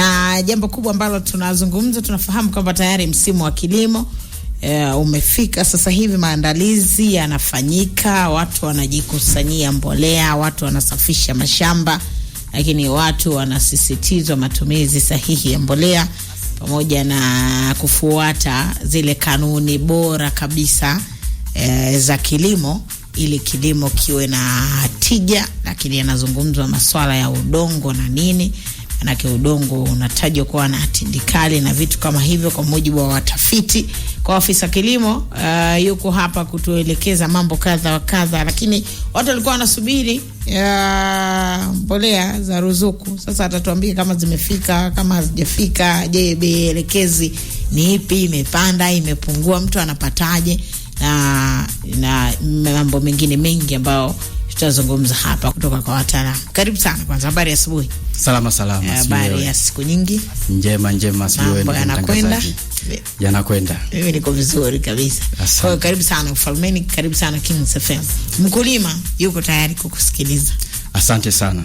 na jambo kubwa ambalo tunazungumza, tunafahamu kwamba tayari msimu wa kilimo e, umefika sasa hivi, maandalizi yanafanyika, watu wanajikusanyia mbolea, watu wanasafisha mashamba, lakini watu wanasisitizwa matumizi sahihi ya mbolea pamoja na kufuata zile kanuni bora kabisa e, za kilimo ili kilimo kiwe na tija, lakini yanazungumzwa masuala ya udongo na nini manake udongo unatajwa kuwa na tindikali na vitu kama hivyo, kwa mujibu wa watafiti. Kwa afisa kilimo uh, yuko hapa kutuelekeza mambo kadha wa kadha, lakini watu walikuwa wanasubiri uh, mbolea za ruzuku. Sasa atatuambia kama zimefika, kama hazijafika. Je, bei elekezi ni ipi? Imepanda, imepungua? Mtu anapataje? na na mambo mengine mengi ambayo tutazungumza hapa kutoka kwa wataalamu. Karibu sana. Kwanza, habari asubuhi. Salama salama. Eh, habari ya siku nyingi? Njema njema, asubuhi. Yanakwenda yanakwenda, mimi niko vizuri kabisa. Kwa hiyo karibu sana ufalmeni, karibu sana Kings FM. Mkulima yuko tayari kukusikiliza. Asante sana.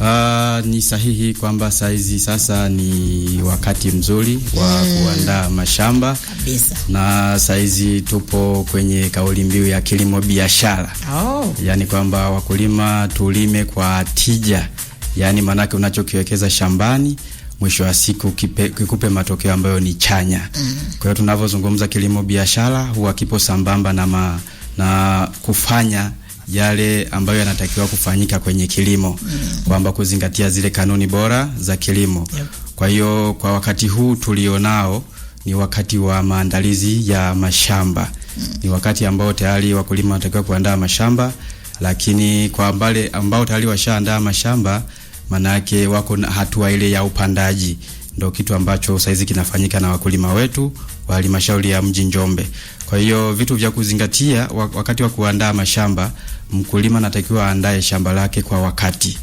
Uh, ni sahihi kwamba saizi sasa ni wakati mzuri wa hmm. kuandaa mashamba kabisa, na saizi tupo kwenye kauli mbiu ya kilimo biashara. Oh. Yaani kwamba wakulima tulime kwa tija, yaani maanake unachokiwekeza shambani mwisho wa siku kipe, kikupe matokeo ambayo ni chanya. Mm. Kwa hiyo tunavyozungumza kilimo biashara huwa kipo sambamba na, ma, na kufanya yale ambayo yanatakiwa kufanyika kwenye kilimo mm. kwamba kuzingatia zile kanuni bora za kilimo yep. Kwa hiyo kwa wakati huu tulionao ni wakati wa maandalizi ya mashamba mm. Ni wakati ambao tayari wakulima wanatakiwa kuandaa mashamba, lakini kwa mbale ambao tayari washaandaa mashamba, manake wako na hatua ile ya upandaji, ndio kitu ambacho saizi kinafanyika na wakulima wetu wa halmashauri ya mji Njombe. Kwa hiyo vitu vya kuzingatia wakati wa kuandaa mashamba, mkulima anatakiwa aandae shamba lake kwa wakati,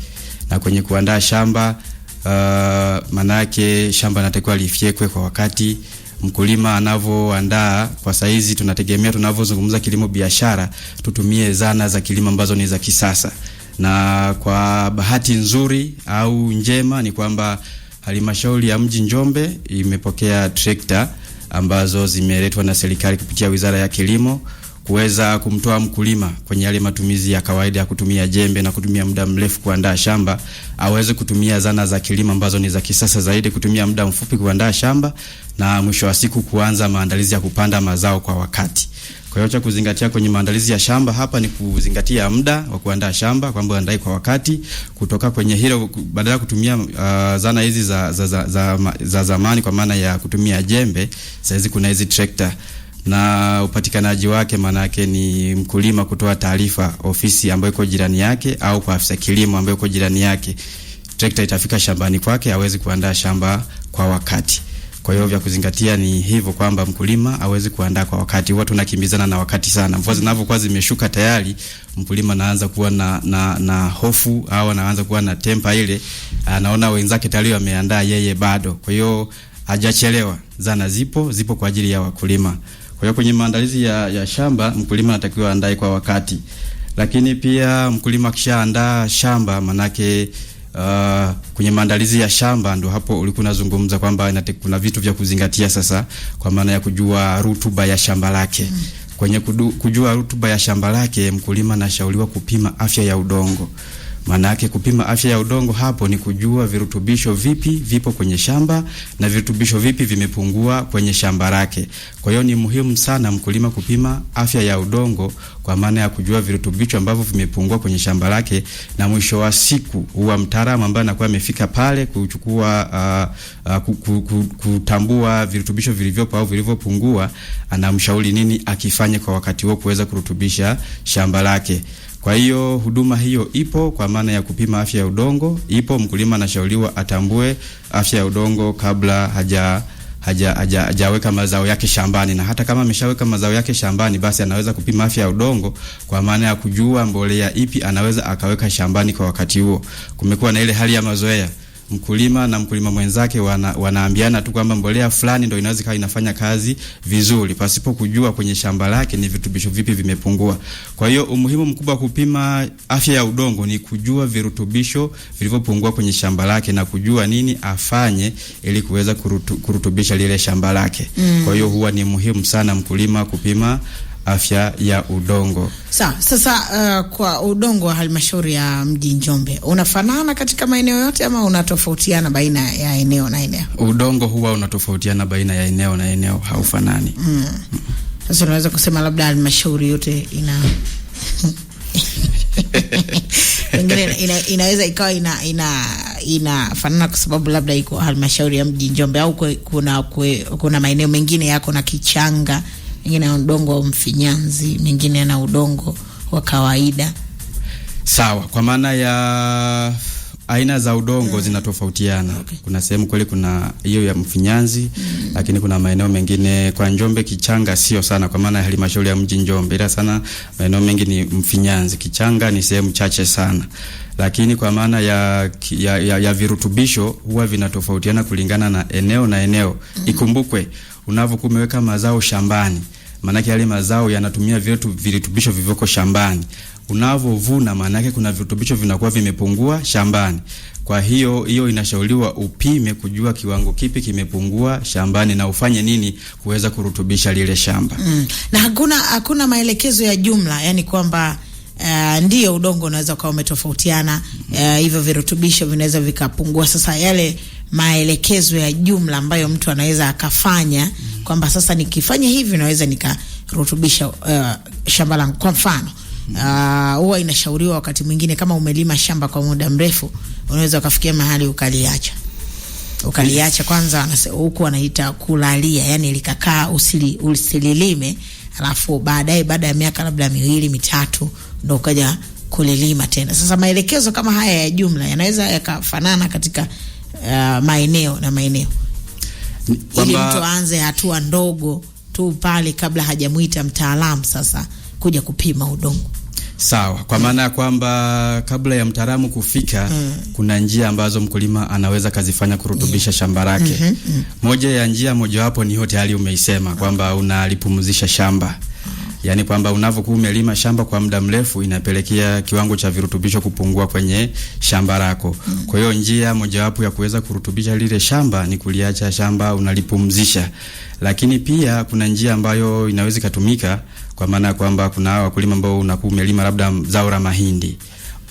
na kwenye kuandaa shamba uh, manake shamba anatakiwa lifyekwe kwa wakati mkulima anavyoandaa. Kwa saizi tunategemea tunavyozungumza kilimo biashara, tutumie zana za kilimo ambazo ni za kisasa, na kwa bahati nzuri au njema ni kwamba halmashauri ya mji Njombe imepokea trekta ambazo zimeletwa na serikali kupitia Wizara ya Kilimo kuweza kumtoa mkulima kwenye yale matumizi ya kawaida ya kutumia jembe na kutumia muda mrefu kuandaa shamba, aweze kutumia zana za kilimo ambazo ni za kisasa zaidi, kutumia muda mfupi kuandaa shamba na mwisho wa siku kuanza maandalizi ya kupanda mazao kwa wakati. Kwa hiyo cha kuzingatia kwenye maandalizi ya shamba hapa ni kuzingatia muda wa kuandaa shamba kwamba uandae kwa wakati. Kutoka kwenye hilo, badala ya kutumia uh, zana hizi za, za, za, za, za za zamani kwa maana ya kutumia jembe, sasa hizi kuna hizi trekta na upatikanaji wake maana yake ni mkulima kutoa taarifa ofisi ambayo iko jirani yake au kwa afisa kilimo ambayo iko jirani yake. Trekta itafika shambani kwake awezi kuandaa shamba kwa wakati. Kwa hiyo vya kuzingatia ni hivyo kwamba mkulima aweze kuandaa kwa wakati. Watu nakimbizana na wakati sana, mvua zinapokuwa zimeshuka tayari, mkulima anaanza kuwa na, na, na hofu au anaanza kuwa na tempa ile, anaona wenzake tayari wameandaa, yeye bado. Kwa hiyo hajachelewa, zana zipo, zipo kwa ajili ya wakulima. Kwa hiyo kwenye maandalizi ya, ya shamba mkulima anatakiwa andae kwa wakati, lakini pia mkulima akishaandaa shamba manake uh, kwenye maandalizi ya shamba, ndo hapo ulikuwa unazungumza kwamba kuna vitu vya kuzingatia sasa, kwa maana ya kujua rutuba ya shamba lake mm. Kwenye kudu, kujua rutuba ya shamba lake, mkulima anashauriwa kupima afya ya udongo yake kupima afya ya udongo hapo ni kujua virutubisho vipi vipo kwenye shamba na virutubisho vipi vimepungua kwenye shamba lake. Kwa hiyo ni muhimu sana mkulima kupima afya ya udongo kwa maana ya kujua virutubisho ambavyo vimepungua kwenye shamba lake, na mwisho wa siku huwa mtaalamu ambaye anakuwa amefika pale kuchukua uh, uh, kutambua virutubisho vilivyopo au vilivyopungua, anamshauri nini akifanye kwa wakati huo kuweza kurutubisha shamba lake. Kwa hiyo huduma hiyo ipo kwa maana ya kupima afya ya udongo ipo. Mkulima anashauriwa atambue afya ya udongo kabla haja haja hajaweka mazao yake shambani, na hata kama ameshaweka mazao yake shambani, basi anaweza kupima afya ya udongo kwa maana ya kujua mbolea ipi anaweza akaweka shambani kwa wakati huo. Kumekuwa na ile hali ya mazoea mkulima na mkulima mwenzake wana, wanaambiana tu kwamba mbolea fulani ndio inaweza ikawa inafanya kazi vizuri pasipo kujua kwenye shamba lake ni virutubisho vipi vimepungua. Kwa hiyo umuhimu mkubwa wa kupima afya ya udongo ni kujua virutubisho vilivyopungua kwenye shamba lake na kujua nini afanye ili kuweza kurutu, kurutubisha lile shamba lake. Mm. Kwa hiyo huwa ni muhimu sana mkulima kupima afya ya udongo. Sa, sasa uh, kwa udongo wa halmashauri ya mji Njombe unafanana katika maeneo yote ama unatofautiana baina ya eneo na eneo? Udongo huwa unatofautiana baina ya eneo na eneo, haufanani. Mm. Sasa unaweza kusema labda halmashauri yote ina Ingine, ina, inaweza ikawa ina ina inafanana kwa sababu labda iko halmashauri ya mji Njombe au kuna kuna, kuna maeneo mengine yako na kichanga mengine yana udongo wa mfinyanzi, mingine yana udongo wa kawaida. Sawa, kwa maana ya aina za udongo mm. zinatofautiana. Okay. Kuna sehemu kweli kuna hiyo ya mfinyanzi mm. lakini kuna maeneo mengine kwa Njombe kichanga sio sana, kwa maana halmashauri ya mji Njombe, ila sana maeneo mengi ni mfinyanzi. Kichanga ni sehemu chache sana, lakini kwa maana ya, ya, ya, ya virutubisho huwa vinatofautiana kulingana na eneo na eneo. Mm. Ikumbukwe unavyokuwa umeweka mazao shambani, maanake yale mazao yanatumia virutubisho vilivyoko shambani. Unavovuna maanake kuna virutubisho vinakuwa vimepungua shambani. Kwa hiyo hiyo inashauriwa upime kujua kiwango kipi kimepungua shambani na ufanye nini kuweza kurutubisha lile shamba. Mm. Na hakuna hakuna maelekezo ya jumla, yani kwamba Uh, eh, ndiyo udongo unaweza ukawa umetofautiana, uh, hivyo virutubisho vinaweza vikapungua. Sasa yale maelekezo ya jumla ambayo mtu anaweza akafanya mm. kwamba sasa nikifanya hivi naweza nikarutubisha uh, shamba langu. Kwa mfano mm. uh, huwa uh, inashauriwa wakati mwingine kama umelima shamba kwa muda mrefu, unaweza ukafikia mahali ukaliacha ukaliacha kwanza, huku wanaita kulalia, yani likakaa usili, usililime, alafu baadaye baada ya miaka labda miwili mitatu ndo ukaja kulilima tena. Sasa maelekezo kama haya ya jumla yanaweza yakafanana katika uh, maeneo na maeneo ili mtu aanze hatua ndogo tu pale kabla hajamwita mtaalamu sasa kuja kupima udongo. Sawa, kwa mm. maana ya kwamba kabla ya mtaalamu kufika mm. kuna njia ambazo mkulima anaweza kazifanya kurutubisha yeah. shamba lake mm -hmm. mm. moja ya njia mojawapo ni hiyo tayari umeisema mm. kwamba unalipumzisha shamba yaani kwamba unavyokuwa umelima shamba kwa muda mrefu inapelekea kiwango cha virutubisho kupungua kwenye shamba lako. Kwa hiyo njia mojawapo ya kuweza kurutubisha lile shamba ni kuliacha shamba unalipumzisha, lakini pia kuna njia ambayo inaweza ikatumika kwa maana ya kwamba kuna wakulima ambao unakuwa umelima labda zao la mahindi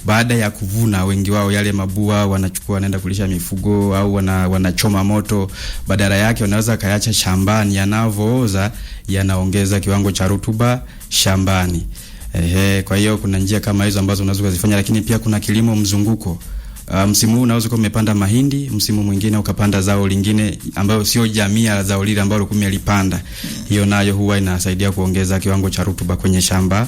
baada ya kuvuna, wengi wao yale mabua wanachukua wanaenda kulisha mifugo au wana, wanachoma moto. Badala yake wanaweza kayacha shambani, yanavooza yanaongeza kiwango cha rutuba shambani. Ehe, kwa hiyo kuna njia kama hizo ambazo unaweza kuzifanya, lakini pia kuna kilimo mzunguko. Uh, msimu huu unaweza kuwa umepanda mahindi, msimu mwingine ukapanda zao lingine ambayo sio jamii ya zao lile ambalo kumi alipanda. Hiyo nayo huwa inasaidia kuongeza kiwango cha rutuba kwenye shamba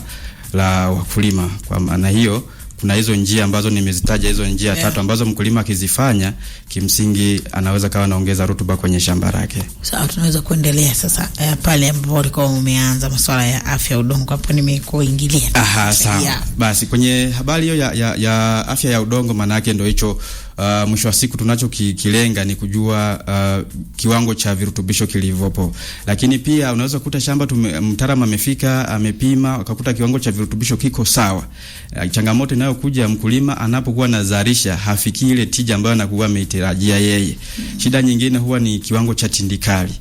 la wakulima. Kwa maana hiyo kuna hizo njia ambazo nimezitaja, hizo njia yeah, tatu ambazo mkulima akizifanya kimsingi anaweza kawa anaongeza rutuba kwenye shamba lake. Sawa, tunaweza kuendelea sasa eh, pale ambapo ulikuwa umeanza masuala ya afya udongo, hapo nimekuingilia. Aha, sawa. Basi kwenye habari hiyo ya, ya, ya afya ya udongo maana yake ndio hicho uh, mwisho wa siku tunachokilenga ni kujua uh, kiwango cha virutubisho kilivyopo, lakini pia unaweza kukuta shamba mtaalamu amefika amepima akakuta kiwango cha virutubisho kiko sawa. Uh, changamoto inayokuja mkulima anapokuwa nazalisha hafiki ile tija ambayo anakuwa ameitarajia yeye. Shida nyingine huwa ni kiwango cha tindikali.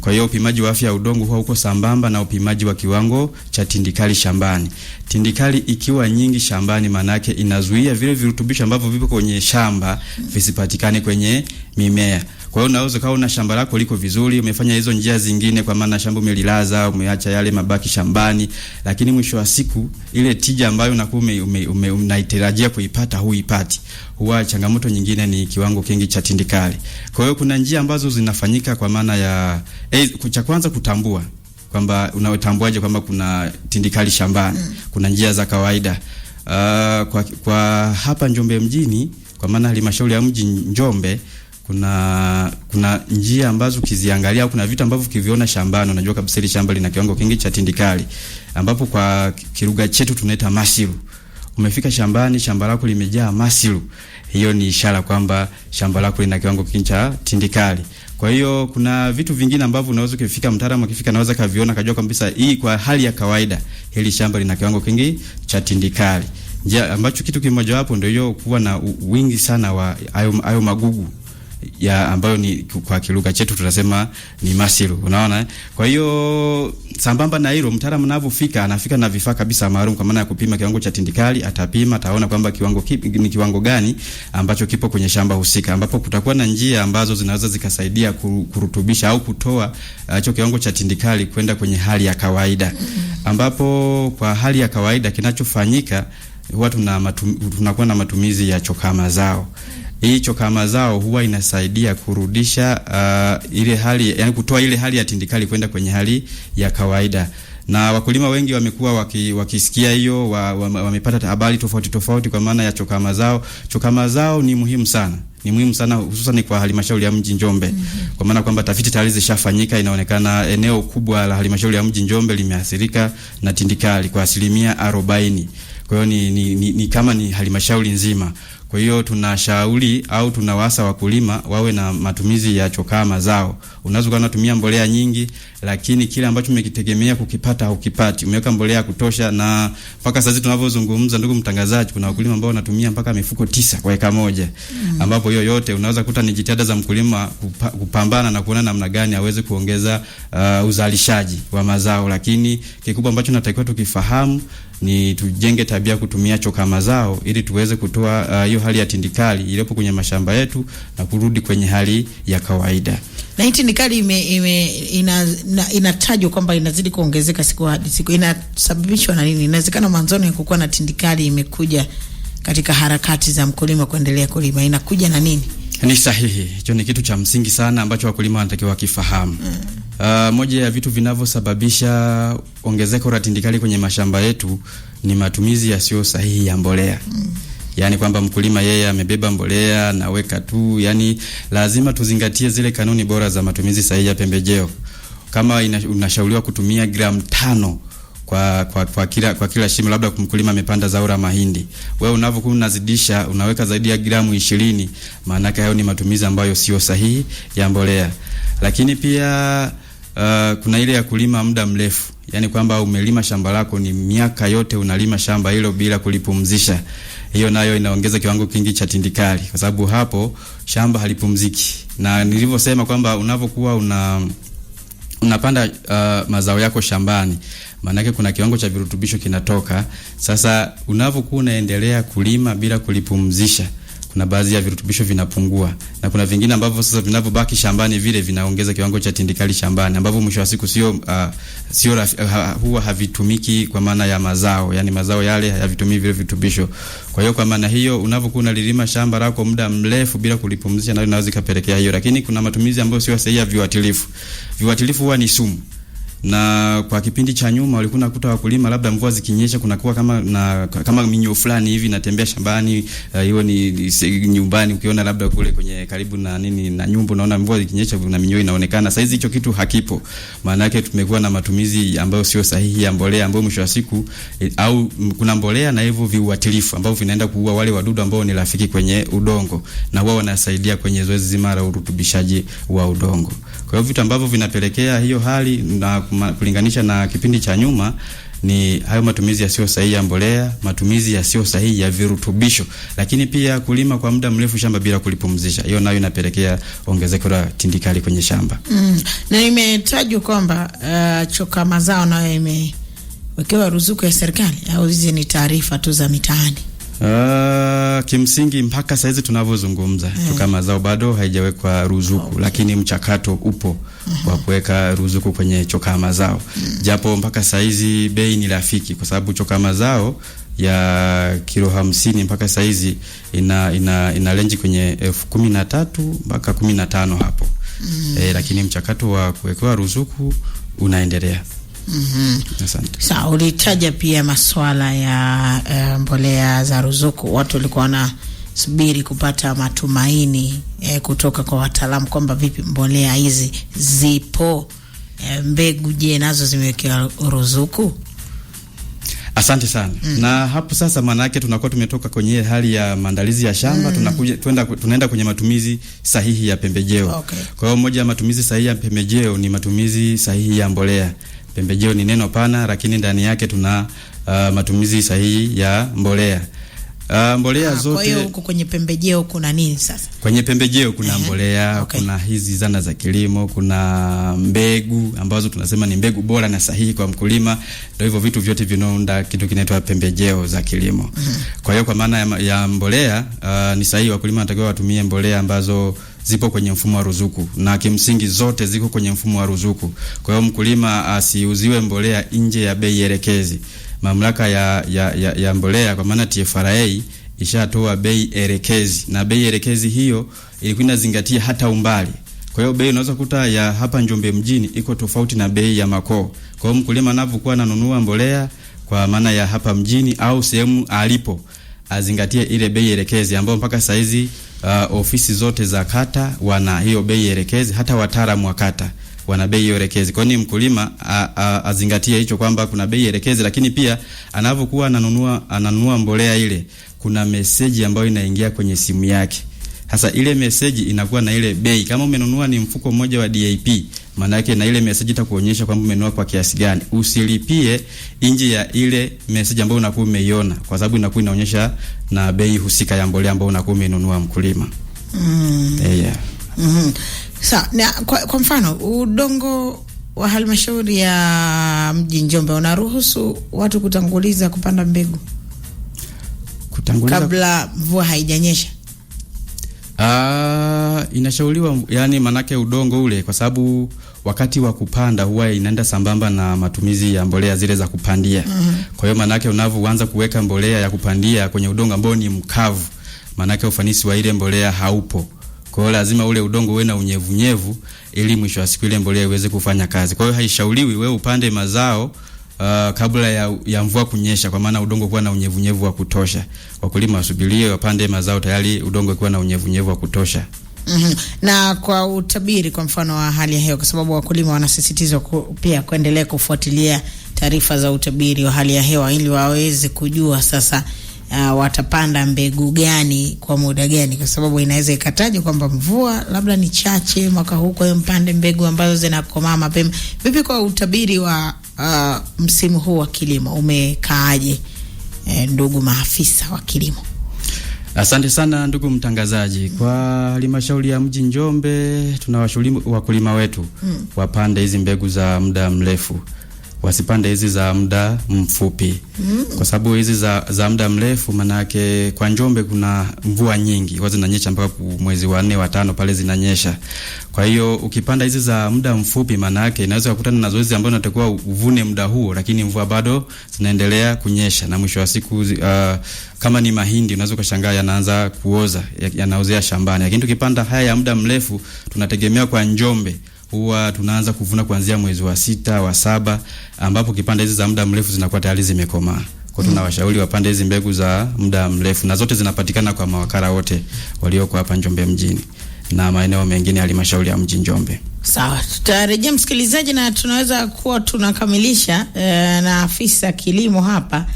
Kwa hiyo upimaji wa afya ya udongo huwa uko sambamba na upimaji wa kiwango cha tindikali shambani tindikali ikiwa nyingi shambani, manake inazuia vile virutubisho ambavyo vipo kwenye shamba visipatikane kwenye mimea. Kwa hiyo unaweza kawa una shamba lako liko vizuri, umefanya hizo njia zingine, kwa maana shamba umelilaza, umeacha yale mabaki shambani, lakini mwisho wa siku ile tija ambayo unakuwa unaitarajia kuipata huipati. Huwa changamoto nyingine ni kiwango kingi cha tindikali. Kwa hiyo kuna njia ambazo zinafanyika kwa maana ya eh, cha kwanza kutambua kwamba unatambuaje kwamba kuna tindikali shambani mm. kuna njia za kawaida uh, kwa, kwa hapa Njombe mjini kwa maana halmashauri ya mji Njombe kuna kuna njia ambazo ukiziangalia au kuna vitu ambavyo ukiviona shambani unajua kabisa ile shamba lina kiwango kingi cha tindikali, ambapo kwa kiruga chetu tunaita masilu. Umefika shambani, shamba lako limejaa masilu, hiyo ni ishara kwamba shamba lako lina kiwango kingi cha tindikali. Kwa hiyo kuna vitu vingine ambavyo unaweza ukifika, mtaalamu akifika anaweza kaviona kajua kabisa hii kwa hali ya kawaida hili shamba lina kiwango kingi cha tindikali. Je, ambacho kitu kimojawapo ndio hiyo kuwa na wingi sana wa ayo magugu ya ambayo ni kwa kilugha chetu tunasema ni masiru, unaona. Kwa hiyo sambamba na hilo, mtaalamu anavyofika anafika na vifaa kabisa maalum, kwa maana ya kupima kiwango cha tindikali. Atapima, ataona kwamba kiwango kipi ni kiwango gani ambacho kipo kwenye shamba husika, ambapo kutakuwa na njia ambazo zinaweza zikasaidia kurutubisha au kutoa uh, hicho uh, kiwango cha tindikali kwenda kwenye hali ya kawaida, ambapo kwa hali ya kawaida kinachofanyika huwa tunakuwa na matumizi ya chokaa mazao hicho kama zao huwa inasaidia kurudisha uh, ile hali yani, kutoa ile hali ya tindikali kwenda kwenye hali ya kawaida, na wakulima wengi wamekuwa waki, wakisikia hiyo wamepata wa, wa habari tofauti tofauti kwa maana ya chokama zao. Chokama zao ni muhimu sana ni muhimu sana hususan kwa halmashauri ya mji Njombe mm -hmm. Kwa maana kwamba tafiti tayari zishafanyika, inaonekana eneo kubwa la halmashauri ya mji Njombe limeathirika na tindikali kwa asilimia arobaini. Kwa hiyo ni, ni, ni, ni kama ni halmashauri nzima. Kwa hiyo tunashauri au tunawasa wakulima wawe na matumizi ya chokaa mazao. Unaweza kuwa unatumia mbolea nyingi, lakini kile ambacho umekitegemea kukipata haukipati. Umeweka mbolea ya kutosha, na mpaka sasa tunavyozungumza, ndugu mtangazaji, kuna wakulima ambao wanatumia mpaka mifuko tisa kwa eka moja, mm. ambapo hiyo yote unaweza kuta ni jitihada za mkulima kupa, kupambana na kuona namna gani aweze kuongeza uh, uzalishaji wa mazao, lakini kikubwa ambacho natakiwa tukifahamu ni tujenge tabia kutumia choo kama zao ili tuweze kutoa uh, hiyo uh, hali ya tindikali iliyopo kwenye mashamba yetu na kurudi kwenye hali ya kawaida. Na hii tindikali ime, ime, ina, inatajwa kwamba inazidi kuongezeka siku hadi siku. Inasababishwa na nini? Inawezekana mwanzoni kukuwa na tindikali imekuja katika harakati za mkulima kuendelea kulima, inakuja na nini? Ni sahihi, hicho ni kitu cha msingi sana ambacho wakulima wanatakiwa wakifahamu. mm. Uh, moja ya vitu vinavyosababisha ongezeko la tindikali kwenye mashamba yetu ni matumizi yasiyo sahihi ya mbolea mm. Yaani kwamba mkulima yeye amebeba mbolea naweka tu, yani lazima tuzingatie zile kanuni bora za matumizi sahihi ya pembejeo. Kama ina, unashauriwa kutumia gramu tano kwa, kwa, kwa kila kwa kila shimo, labda mkulima amepanda zao la mahindi, wewe unavyokuwa unazidisha unaweka zaidi ya gramu ishirini, maana yake hayo ni matumizi ambayo sio sahihi ya mbolea, lakini pia uh, kuna ile ya kulima muda mrefu, yaani kwamba umelima shamba lako ni miaka yote unalima shamba hilo bila kulipumzisha. Hiyo nayo inaongeza kiwango kingi cha tindikali, kwa sababu hapo shamba halipumziki, na nilivyosema kwamba unavyokuwa una unapanda uh, mazao yako shambani, maanake kuna kiwango cha virutubisho kinatoka. Sasa unavyokuwa unaendelea kulima bila kulipumzisha kuna baadhi ya virutubisho vinapungua, na kuna vingine ambavyo sasa vinavyobaki shambani vile vinaongeza kiwango cha tindikali shambani, ambavyo mwisho wa siku sio uh, sio uh, huwa havitumiki kwa maana ya mazao, yani mazao yale hayavitumii vile virutubisho. Kwa hiyo kwa maana hiyo, unavyokuwa unalilima shamba lako muda mrefu bila kulipumzisha, nayo inaweza ikapelekea hiyo. Lakini kuna matumizi ambayo sio sahihi ya viuatilifu. Viuatilifu huwa ni sumu na kwa kipindi cha nyuma walikuwa nakuta wakulima labda mvua zikinyesha kunakuwa kama na, kama minyo fulani hivi natembea shambani hiyo, uh, eh, ni, ni nyumbani ukiona labda kule kwenye karibu na nini na nyumbu naona mvua zikinyesha na minyo inaonekana. Sasa hicho kitu hakipo, maana yake tumekuwa na matumizi ambayo sio sahihi ya mbolea ambayo mwisho wa siku eh, au kuna mbolea na hivyo viuatilifu ambao vinaenda kuua wale wadudu ambao ni rafiki kwenye udongo na wao wanasaidia kwenye zoezi zima la urutubishaji wa udongo. Kwa hiyo vitu ambavyo vinapelekea hiyo hali na kulinganisha na kipindi cha nyuma ni hayo matumizi yasiyo sahihi ya mbolea, matumizi yasiyo sahihi ya virutubisho, lakini pia kulima kwa muda mrefu shamba bila kulipumzisha. Hiyo nayo inapelekea ongezeko la tindikali kwenye shamba mm. Na imetajwa kwamba uh, choka mazao nayo imewekewa ruzuku ya serikali, au hizi ni taarifa tu za mitaani? Ah, kimsingi mpaka saizi tunavyozungumza mm. tuka mazao zao bado haijawekwa ruzuku okay. Lakini mchakato upo wa mm-hmm. kuweka ruzuku kwenye choka mazao mm. Japo mpaka saizi bei ni rafiki kwa sababu choka mazao ya kilo hamsini mpaka saizi ina, ina, ina renji kwenye elfu kumi na tatu mpaka kumi na tano hapo mm. E, lakini mchakato wa kuwekewa ruzuku unaendelea. Mm Asante. ulitaja pia masuala ya uh, mbolea za ruzuku. Watu walikuwa wanasubiri kupata matumaini eh, kutoka kwa wataalamu kwamba vipi mbolea hizi zipo eh, mbegu je, nazo zimewekewa ruzuku? Asante sana. Mm. Na hapo sasa maana yake tunakuwa tumetoka kwenye hali ya maandalizi ya shamba, mm. tunakuja tuenda tunaenda kwenye matumizi sahihi ya pembejeo. Okay. Kwa hiyo moja ya matumizi sahihi ya pembejeo ni matumizi sahihi ya mbolea. Pembejeo ni neno pana, lakini ndani yake tuna uh, matumizi sahihi ya mbolea. Uh, mbolea Aa, ah, zote. Kwa hiyo huko kwenye pembejeo kuna nini sasa? Kwenye pembejeo kuna uh mbolea, okay. kuna hizi zana za kilimo, kuna mbegu ambazo tunasema ni mbegu bora na sahihi kwa mkulima. Ndio hivyo vitu vyote vinaunda kitu kinaitwa pembejeo za kilimo. Uh mhm. -huh. Kwa hiyo kwa maana ya, ya mbolea uh, ni sahihi wakulima wanatakiwa watumie mbolea ambazo zipo kwenye mfumo wa ruzuku na kimsingi zote ziko kwenye mfumo wa ruzuku. Kwa hiyo mkulima asiuziwe mbolea nje ya bei elekezi. Mamlaka ya, ya, ya, ya mbolea kwa maana TFRA ishatoa bei elekezi, na bei elekezi hiyo ilikuwa inazingatia hata umbali. Kwa hiyo bei unaweza kuta ya hapa Njombe mjini iko tofauti na bei ya Makoo. Kwa hiyo mkulima anapokuwa ananunua mbolea kwa maana ya hapa mjini au sehemu alipo azingatie ile bei elekezi ambayo mpaka saizi uh, ofisi zote za kata wana hiyo bei elekezi, hata wataalamu wa kata wana bei elekezi. Kwa nini mkulima azingatie hicho kwamba kuna bei elekezi, lakini pia anavyokuwa ananunua ananunua mbolea ile, kuna meseji ambayo inaingia kwenye simu yake. Sasa ile meseji inakuwa na ile bei. Kama umenunua ni mfuko mmoja wa DAP, maana na ile message itakuonyesha kwamba umenunua kwa kiasi gani. Usilipie nje ya ile message ambayo unakuwa umeiona, kwa sababu inakuwa inaonyesha na bei husika ya mbolea ambayo unakuwa umenunua mkulima. Mm. Eh, yeah. Mm -hmm. Sa, na, kwa, kwa mfano udongo wa halmashauri ya mji Njombe unaruhusu watu kutanguliza kupanda mbegu kutanguliza kabla mvua haijanyesha. Ah, inashauriwa yani, manake udongo ule, kwa sababu wakati wa kupanda huwa inaenda sambamba na matumizi ya mbolea zile za kupandia. Mm -hmm. Kwa hiyo manake unavyoanza kuweka mbolea ya kupandia kwenye udongo ambao ni mkavu, manake ufanisi wa ile mbolea haupo. Kwa hiyo lazima ule udongo uwe na unyevunyevu ili mwisho wa siku ile mbolea iweze kufanya kazi. Kwa hiyo haishauriwi wewe upande mazao Uh, kabla ya, ya mvua kunyesha, kwa maana udongo kuwa na unyevunyevu wa kutosha. Wakulima wasubirie wapande mazao tayari udongo ukiwa na unyevunyevu wa kutosha. Mm -hmm. Na kwa utabiri kwa mfano wa hali ya hewa, kwa sababu wakulima wanasisitizwa ku, pia kuendelea kufuatilia taarifa za utabiri wa hali ya hewa ili waweze kujua sasa uh, watapanda mbegu gani kwa muda gani, kwa sababu inaweza ikataja kwamba mvua labda ni chache mwaka huu, kwa hiyo mpande mbegu ambazo zinakomaa mapema. Vipi kwa utabiri wa uh, msimu huu wa kilimo umekaaje, eh, ndugu maafisa wa kilimo? Asante sana ndugu mtangazaji. Kwa halmashauri ya mji Njombe, tunawashauri wakulima wetu mm. wapande hizi mbegu za muda mrefu wasipande hizi za muda mfupi mm. kwa sababu hizi za, za muda mrefu manake kwa Njombe kuna mvua nyingi huwa zinanyesha mpaka mwezi wa nne wa tano pale zinanyesha. Kwa hiyo ukipanda hizi za muda mfupi manake inaweza kukutana na zoezi ambalo unatakiwa uvune muda huo, lakini mvua bado zinaendelea kunyesha na mwisho wa siku uh, kama ni mahindi unaweza kushangaa yanaanza kuoza yanaozea shambani, lakini tukipanda haya ya muda mrefu tunategemea kwa Njombe huwa tunaanza kuvuna kuanzia mwezi wa sita wa saba, ambapo kipande hizi za muda mrefu zinakuwa tayari zimekomaa. Kwa tunawashauri wapande hizi mbegu za muda mrefu, na zote zinapatikana kwa mawakala wote walioko hapa Njombe mjini na maeneo mengine ya halmashauri ya mji Njombe. Sawa, tutarejea msikilizaji, na tunaweza kuwa tunakamilisha e, na afisa kilimo hapa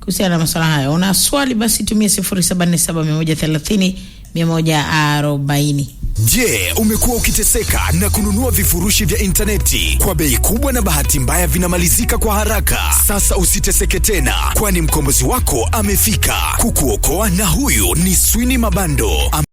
kuhusiana na masuala hayo. Una swali basi tumie 0747130140. Je, umekuwa ukiteseka na kununua vifurushi vya intaneti kwa bei kubwa na bahati mbaya vinamalizika kwa haraka? Sasa usiteseke tena, kwani mkombozi wako amefika kukuokoa, na huyu ni Swini Mabando.